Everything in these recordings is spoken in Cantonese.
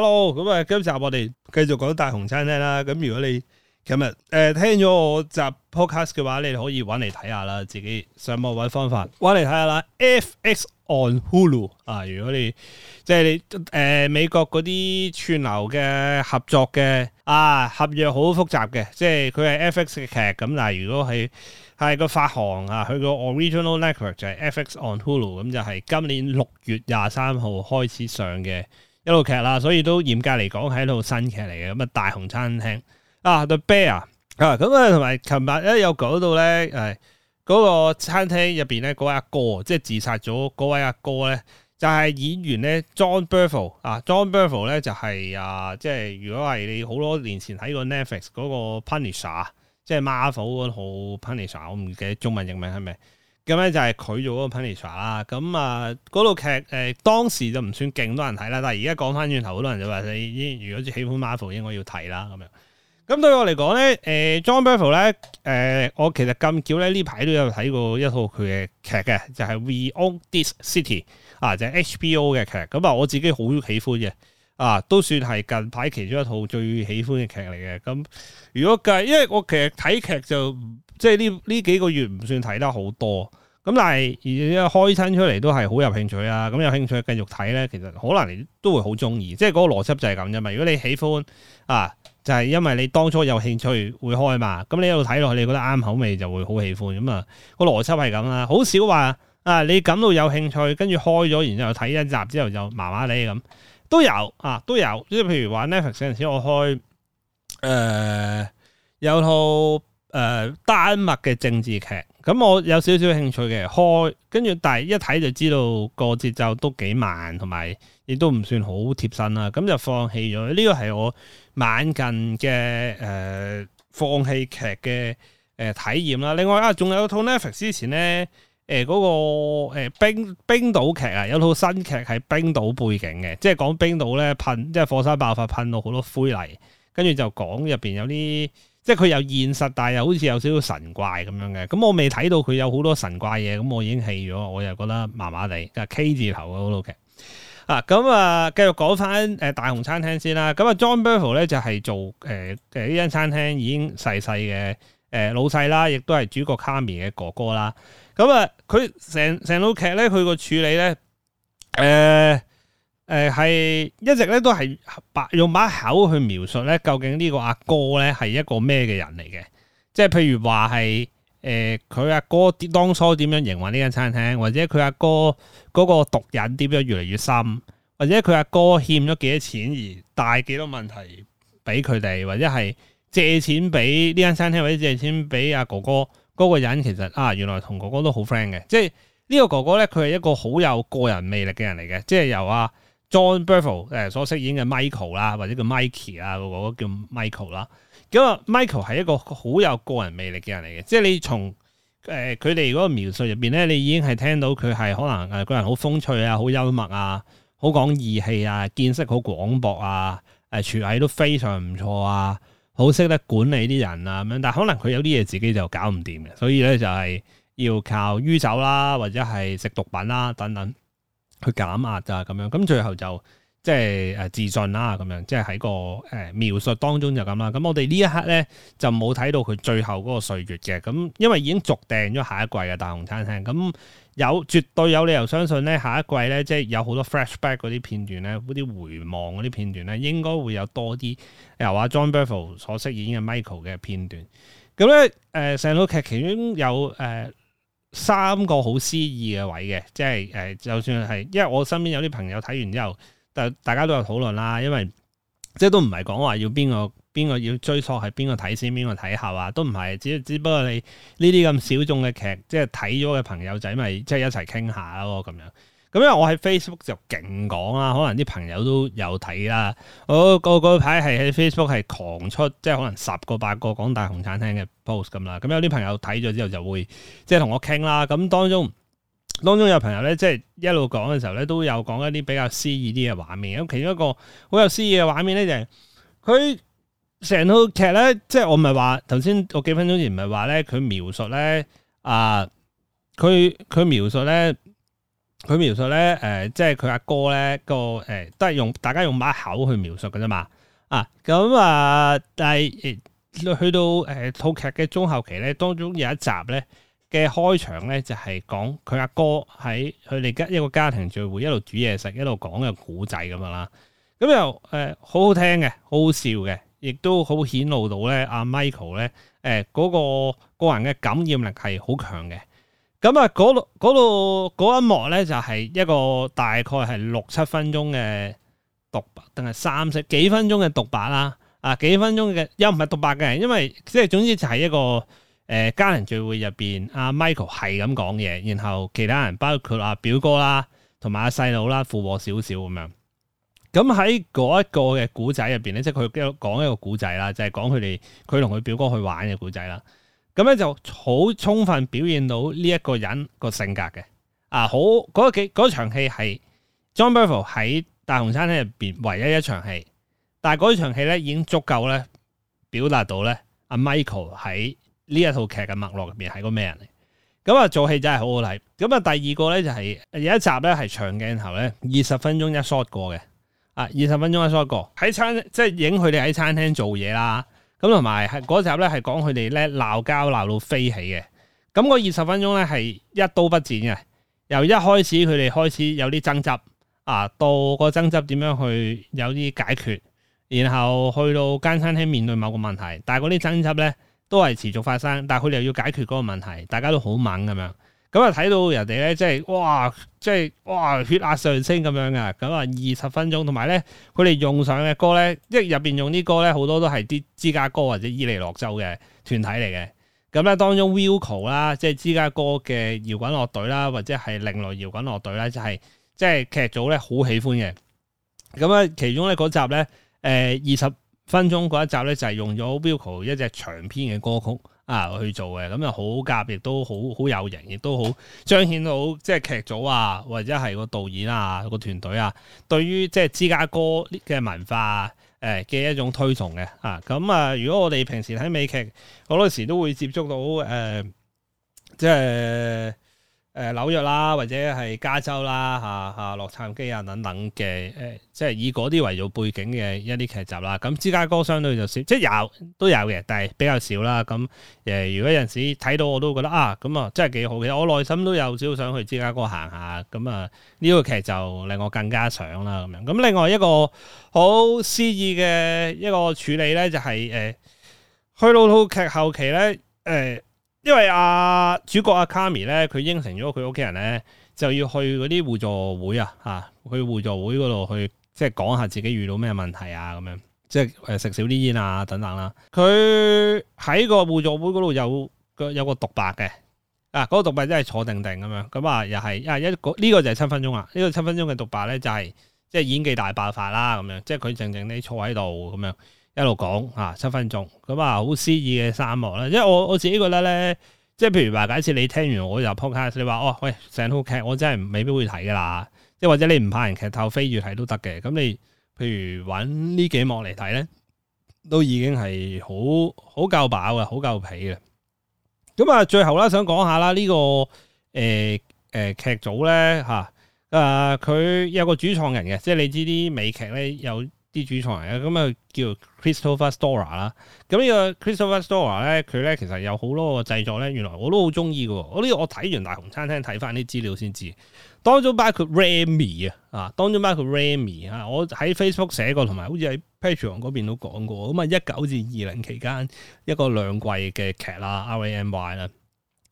hello，咁啊，今集我哋繼續講大雄餐廳啦。咁如果你琴日誒聽咗我集 podcast 嘅話，你可以搵嚟睇下啦。自己上網搵方法，搵嚟睇下啦。FX on Hulu 啊，如果你即係你誒、呃、美國嗰啲串流嘅合作嘅啊合約好複雜嘅，即係佢係 FX 嘅劇咁。但係如果係係個發行啊，佢個 original network 就係 FX on Hulu，咁就係今年六月廿三號開始上嘅。一路劇啦，所以都嚴格嚟講係一套新劇嚟嘅。咁啊大紅餐廳啊 The Bear 啊，咁啊同埋琴日一有講到咧，誒、啊、嗰、嗰個餐廳入邊咧嗰位阿哥，哥，即係自殺咗嗰位阿哥咧，就係、是、演員咧 Jon Bernthal 啊，Jon Bernthal 咧就係、是、啊，即係如果係你好多年前睇過 Netflix 嗰個 Punisher，即係 Marvel 嗰套 Punisher，我唔記得中文譯名係咪？咁咧、嗯、就係、是、佢做嗰個 Punisher 啦，咁啊嗰套劇誒、呃、當時就唔算勁多人睇啦，但係而家講翻轉頭，好多人就話你如果喜歡 Marvel 應該要睇啦咁樣。咁、嗯嗯、對我嚟講咧，誒、呃、Jon Bernthal 咧，誒、呃、我其實咁巧咧呢排都有睇過一套佢嘅劇嘅，就係、是、We Own This City 啊，就係、是、HBO 嘅劇，咁、嗯、啊我自己好喜歡嘅。啊，都算係近排其中一套最喜歡嘅劇嚟嘅。咁、嗯、如果計，因為我其實睇劇就即係呢呢幾個月唔算睇得好多。咁但係而家開親出嚟都係好、啊嗯、有興趣啦。咁有興趣繼續睇咧，其實可能你都會好中意。即係嗰個邏輯就係咁啫嘛。如果你喜歡啊，就係、是、因為你當初有興趣會開嘛。咁、嗯、你一路睇落去，你覺得啱口味就會好喜歡。咁、嗯、啊、嗰個邏輯係咁啦。好少話啊，你感到有興趣跟住開咗，然之後睇一集之後就麻麻地咁。都有啊，都有即係譬如玩 Netflix 嗰陣時，我開誒、呃、有套誒、呃、丹麥嘅政治劇，咁我有少少興趣嘅開，跟住但係一睇就知道個節奏都幾慢，同埋亦都唔算好貼身啦，咁就放棄咗。呢個係我晚近嘅誒、呃、放棄劇嘅誒體驗啦。另外啊，仲有套 Netflix 之前咧。誒嗰、呃那個、呃、冰冰島劇啊，有套新劇係冰島背景嘅，即係講冰島咧噴，即係火山爆發噴到好多灰泥，跟住就講入邊有啲，即係佢又現實，但係又好似有少少神怪咁樣嘅。咁我未睇到佢有好多神怪嘢，咁我已經棄咗，我又覺得麻麻地。K 字頭嗰套劇啊，咁啊繼續講翻誒大熊餐廳先啦。咁啊，Jon Bernthal 咧就係做誒、呃、其實呢間餐廳已經細細嘅。誒、呃，老細啦，亦都係主角卡 a 嘅哥哥啦。咁、嗯、啊，佢成成套劇咧，佢個處理咧，誒、呃、誒、係、呃、一直咧都係白用把口去描述咧，究竟呢個阿哥咧係一個咩嘅人嚟嘅？即係譬如話係誒，佢、呃、阿哥當初點樣營運呢間餐廳，或者佢阿哥嗰個毒癮點樣越嚟越深，或者佢阿哥欠咗幾多錢而帶幾多問題俾佢哋，或者係。借錢俾呢間餐廳，或者借錢俾阿哥哥嗰、那個人，其實啊，原來同哥哥都好 friend 嘅。即係呢個哥哥咧，佢係一個好有個人魅力嘅人嚟嘅。即係由阿、啊、Jon Bernthal 誒所飾演嘅 Michael 啦，或者叫 Mikey 啊。啦，哥哥叫 Michael 啦、啊。咁啊，Michael 係一個好有個人魅力嘅人嚟嘅。即係你從誒佢哋嗰個描述入邊咧，你已經係聽到佢係可能誒個人好風趣啊，好幽默啊，好講義氣啊，見識好廣博啊，誒廚藝都非常唔錯啊。好識得管理啲人啊咁樣，但係可能佢有啲嘢自己就搞唔掂嘅，所以咧就係要靠酗酒啦，或者係食毒品啦等等去減壓啊咁樣，咁最後就。即係誒自信啦、啊，咁樣即係喺個誒、呃、描述當中就咁啦。咁我哋呢一刻咧就冇睇到佢最後嗰個歲月嘅，咁因為已經續訂咗下一季嘅《大熊餐廳》。咁有絕對有理由相信咧，下一季咧即係有好多 flashback 嗰啲片段咧，嗰啲回望嗰啲片段咧，應該會有多啲由阿 Jon Bernthal 所飾演嘅 Michael 嘅片段。咁咧誒，成、呃、套劇其中有誒、呃、三個好詩意嘅位嘅，即係誒、呃，就算係因為我身邊有啲朋友睇完之後。大家都有討論啦，因為即係都唔係講話要邊個邊個要追溯係邊個睇先邊個睇下啊，都唔係，只只不過你呢啲咁小眾嘅劇，即係睇咗嘅朋友仔咪即係一齊傾下咯咁樣。咁因為我喺 Facebook 就勁講啦，可能啲朋友都有睇啦。我個個排係喺 Facebook 係狂出，即係可能十個八個講大熊餐廳嘅 post 咁啦。咁有啲朋友睇咗之後就會即係同我傾啦。咁當中。當中有朋友咧，即、就、係、是、一路講嘅時候咧，都有講一啲比較詩意啲嘅畫面。咁其中一個好有詩意嘅畫面咧，就係佢成套劇咧，即、就、係、是、我唔咪話頭先，我幾分鐘前唔咪話咧，佢描述咧啊，佢佢描述咧，佢描述咧，誒、呃，即係佢阿哥咧個誒、呃，都係用大家用把口去描述嘅啫嘛。啊，咁、嗯、啊，但係、呃、去到誒、呃、套劇嘅中後期咧，當中有一集咧。嘅開場咧就係講佢阿哥喺佢哋家一個家庭聚會一一，一路煮嘢食，一路講嘅古仔咁樣啦。咁又誒好好聽嘅，好好笑嘅，亦都好顯露到咧阿、啊、Michael 咧誒嗰個個人嘅感染力係好強嘅。咁啊嗰度嗰度嗰一幕咧就係、是、一個大概係六七分鐘嘅獨白，定係三十幾分鐘嘅獨白啦。啊幾分鐘嘅又唔係獨白嘅，因為即係總之就係一個。誒、呃，家人聚會入邊，阿、啊、Michael 係咁講嘢，然後其他人包括阿、啊、表哥啦，同埋阿細佬啦，附和少少咁樣。咁喺嗰一個嘅古仔入邊咧，即係佢講一個古仔啦，就係講佢哋佢同佢表哥去玩嘅古仔啦。咁咧就好充分表現到呢一個人個性格嘅。啊，好嗰幾嗰場戲係 Jon Bernthal 喺大熊餐廳入邊唯一一場戲，但係嗰場戲咧已經足夠咧表達到咧阿、啊、Michael 喺呢一套劇嘅脈絡入邊係個咩人嚟？咁、嗯、啊做戲真係好好睇。咁、嗯、啊第二個咧就係、是、有一集咧係長鏡頭咧，二十分鐘一 shot 過嘅啊，二十分鐘一 shot 過。喺餐即係影佢哋喺餐廳做嘢啦。咁同埋係嗰集咧係講佢哋咧鬧交鬧到飛起嘅。咁個二十分鐘咧係一刀不剪嘅，由一開始佢哋開始有啲爭執啊，到個爭執點樣去有啲解決，然後去到間餐廳面對某個問題，但係嗰啲爭執咧。都係持續發生，但係佢哋又要解決嗰個問題，大家都好猛咁樣，咁啊睇到人哋咧，即係哇，即係哇，血壓上升咁樣嘅，咁啊二十分鐘，同埋咧佢哋用上嘅歌咧，即係入邊用啲歌咧，好多都係啲芝加哥或者伊利諾州嘅團體嚟嘅，咁咧當中 Wilco 啦，即係芝加哥嘅搖滾樂隊啦，或者係另類搖滾樂隊咧，就係、是、即係劇組咧好喜歡嘅，咁啊其中咧嗰集咧，誒二十。分鐘嗰一集咧就係用咗 Wilco 一隻長篇嘅歌曲啊去做嘅，咁又好夾，亦都好好有型，亦都好彰顯到即係、就是、劇組啊，或者係個導演啊個團隊啊，對於即係、就是、芝加哥嘅文化誒嘅一種推崇嘅啊。咁啊，如果我哋平時睇美劇，好多時都會接觸到誒，即、呃、係。就是誒紐約啦，或者係加州啦，嚇嚇洛杉磯啊，等等嘅誒，即係以嗰啲為咗背景嘅一啲劇集啦。咁芝加哥相對就少，即係有都有嘅，但係比較少啦。咁誒，如果有陣時睇到我都覺得啊，咁啊真係幾好嘅。我內心都有少少想去芝加哥行下。咁啊，呢個劇就令我更加想啦。咁樣。咁另外一個好詩意嘅一個處理咧、就係，就係誒去到套劇後期咧，誒、呃。因為阿、啊、主角阿卡米咧，佢應承咗佢屋企人咧，就要去嗰啲互助會啊，吓去互助會嗰度去，即係講下自己遇到咩問題啊，咁樣即係、呃、食少啲煙啊，等等啦。佢喺個互助會嗰度有，有個有、啊嗰個獨白嘅，嗱嗰個獨白真係坐定定咁樣，咁啊又係一一個呢個就係七分鐘啊，呢、呢個七分鐘嘅獨白咧就係、是、即係演技大爆發啦，咁樣，樣即係佢靜靜地坐喺度咁樣。一路講啊，七分鐘咁啊，好詩意嘅三幕啦。因為我我自己覺得咧，即係譬如話，假設你聽完我就 podcast 你話哦，喂，成套劇我真係未必會睇噶啦。即係或者你唔怕人劇透飛住睇都得嘅。咁你譬如搵呢幾幕嚟睇咧，都已經係好好夠飽嘅，好夠皮嘅。咁、嗯、啊，最後啦，想講下啦，這個呃呃、劇呢個誒誒劇組咧吓誒，佢、啊呃、有個主創人嘅，即係你知啲美劇咧有。啲主材嚟嘅，咁啊叫 Christopher Storer 啦。咁呢個 Christopher Storer 咧，佢咧其實有好多個製作咧，原來我都好中意嘅。我呢個我睇完大雄餐廳睇翻啲資料先知。當中包括 Ramy 啊？啊，當中包括 Ramy 啊？我喺 Facebook 寫過，同埋好似喺 Patreon 嗰邊都講過。咁、嗯、啊，一九至二零期間一個兩季嘅劇啦 Ramy 啦，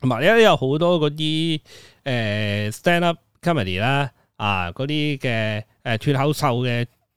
同埋咧有好多嗰啲誒 stand up comedy 啦、啊，啊嗰啲嘅誒脫口秀嘅。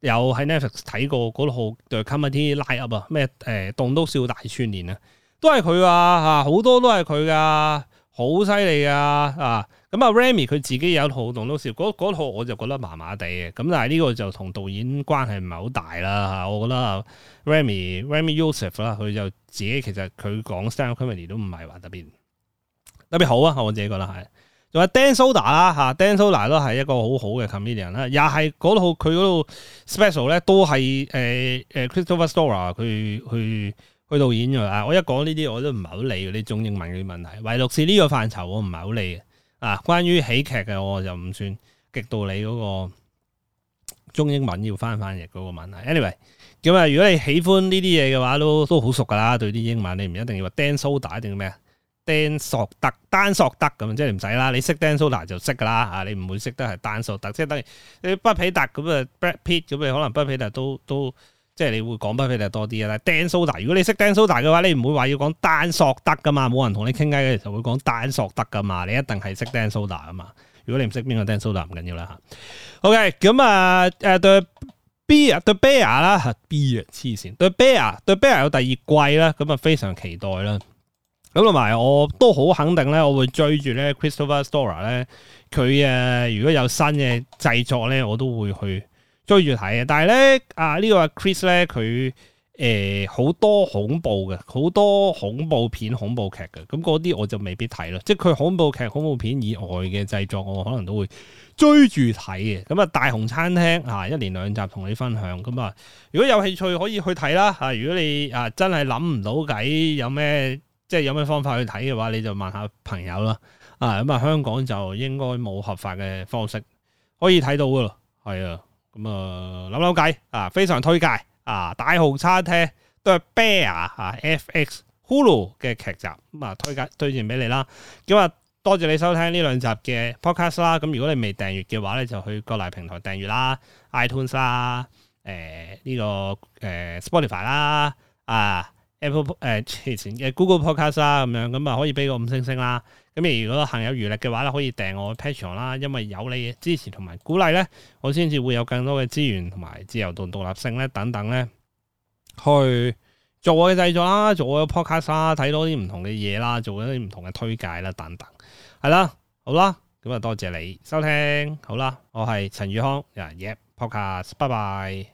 有喺 Netflix 睇過嗰套 The Comedy Lineup 啊，咩、欸、誒《棟篤笑》大串連啊，都係佢啊嚇，好多都係佢噶，好犀利啊啊！咁啊，Ramy 佢自己有套《棟篤笑》，嗰套我就覺得麻麻地嘅，咁但係呢個就同導演關係唔係好大啦嚇，我覺得 Ramy Ramy Youssef 啦，佢就自己其實佢講《Stand Comedy》都唔係話特別特別好啊，我自己覺得係。又話 Dan Soder 啦嚇，Dan Soder 都係一個好好嘅 comedian 啦，也係套佢嗰套 special 咧都係誒誒 Christopher Storer 佢佢佢導演㗎。我一講呢啲我都唔係好理呢中英文嘅問題，唯獨是呢個範疇我唔係好理嘅啊。關於喜劇嘅我就唔算極到你嗰個中英文要翻翻譯嗰個問題。anyway，咁啊，如果你喜歡呢啲嘢嘅話，都都好熟噶啦。對啲英文你唔一定要話 Dan Soder 定咩啊？單索特單索特咁，即係你唔使啦，你識 Dan Soder 就識噶啦啊，你唔會識得係單索特，即係等於你不皮特咁啊，Brad Pitt 咁你可能不皮特都都即係你會講不皮特多啲啦。Dan Soder 如果你識 Dan Soder 嘅話，你唔會話要講單索特噶嘛，冇人同你傾偈嘅時候會講單索特噶嘛，你一定係識 Dan Soder 噶嘛。如果你唔識邊個 Dan Soder 唔緊要啦吓。OK，咁啊誒 The Bear The Bear 啦 b 啊黐線 The Bear The Bear 有第二季啦，咁啊非常期待啦。咁同埋，我都好肯定咧，我會追住咧 Christopher Storer 咧、啊，佢誒，如果有新嘅製作咧，我都會去追住睇啊！但係咧，啊呢個 Chris 咧，佢誒好多恐怖嘅，好多恐怖片、恐怖劇嘅，咁嗰啲我就未必睇咯。即係佢恐怖劇、恐怖片以外嘅製作，我可能都會追住睇嘅。咁啊，大熊餐廳吓，一連兩集同你分享。咁啊，如果有興趣可以去睇啦。吓，如果你啊真係諗唔到計，有咩？即係有咩方法去睇嘅話，你就問,問下朋友啦。啊，咁、嗯、啊香港就應該冇合法嘅方式可以睇到噶咯。係、嗯、啊，咁啊諗諗計啊，非常推介啊大熊餐廳都係、啊、FX, The Bear 啊 FX Hulu 嘅劇集咁啊推介推薦俾你啦。咁、嗯、啊，多謝你收聽呢兩集嘅 podcast 啦。咁、啊、如果你未訂閱嘅話咧，就去各大平台訂閱啦，iTunes 啦，誒、啊、呢、這個誒、啊、Spotify 啦啊。Apple 誒、欸、之前嘅 Google Podcast 啊，咁樣咁啊可以俾個五星星啦。咁如果行有餘力嘅話咧，可以訂我 Patreon 啦，因為有你嘅支持同埋鼓勵咧，我先至會有更多嘅資源同埋自由同獨立性咧等等咧，去做我嘅製作啦，做我嘅 podcast 啦，睇多啲唔同嘅嘢啦，做一啲唔同嘅推介啦等等。係啦，好啦，咁啊多謝你收聽，好啦，我係陳宇康，Yep Podcast 拜拜。Yeah, yeah,